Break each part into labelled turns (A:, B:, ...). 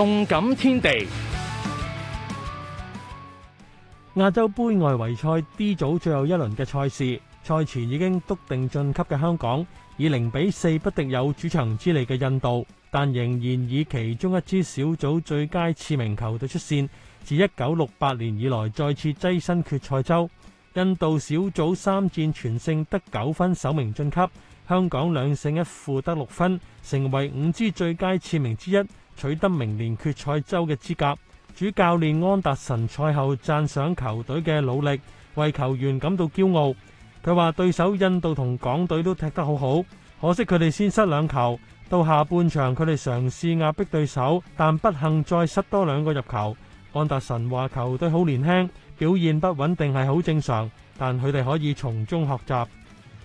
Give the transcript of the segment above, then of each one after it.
A: 動感天地，亞洲杯外圍賽 D 組最後一輪嘅賽事，賽前已經篤定晉級嘅香港，以零比四不敵有主場之利嘅印度，但仍然以其中一支小組最佳次名球隊出線，自一九六八年以來，再次躋身決賽周。印度小組三戰全勝得九分，首名晉級；香港兩勝一負得六分，成為五支最佳次名之一，取得明年決賽周嘅資格。主教練安達臣賽後讚賞球隊嘅努力，為球員感到驕傲。佢話對手印度同港隊都踢得好好，可惜佢哋先失兩球。到下半場佢哋嘗試壓迫對手，但不幸再失多兩個入球。安達臣話球隊好年輕。表現不穩定係好正常，但佢哋可以從中學習。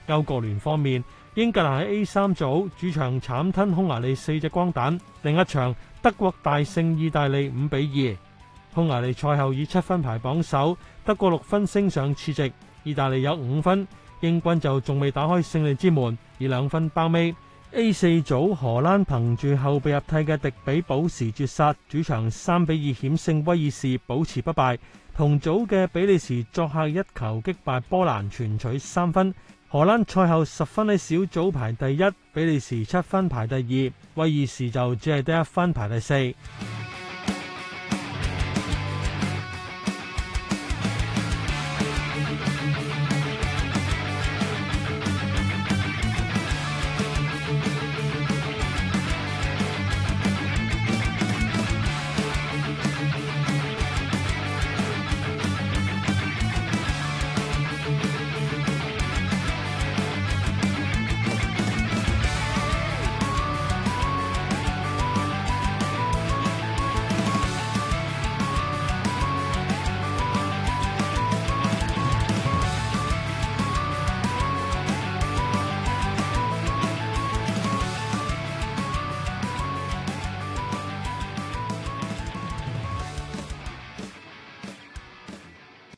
A: 歐國聯方面，英格蘭喺 A 三組主場慘吞匈牙利四隻光蛋，另一場德國大勝意大利五比二。匈牙利賽後以七分排榜首，德國六分升上次席，意大利有五分，英軍就仲未打開勝利之門，以兩分包尾。A 四組荷蘭憑住後備入替嘅迪比補時絕殺，主場三比二險勝威爾士，保持不敗。同組嘅比利時作客一球擊敗波蘭，全取三分。荷蘭賽後十分喺小組排第一，比利時七分排第二，威爾士就只係得一分排第四。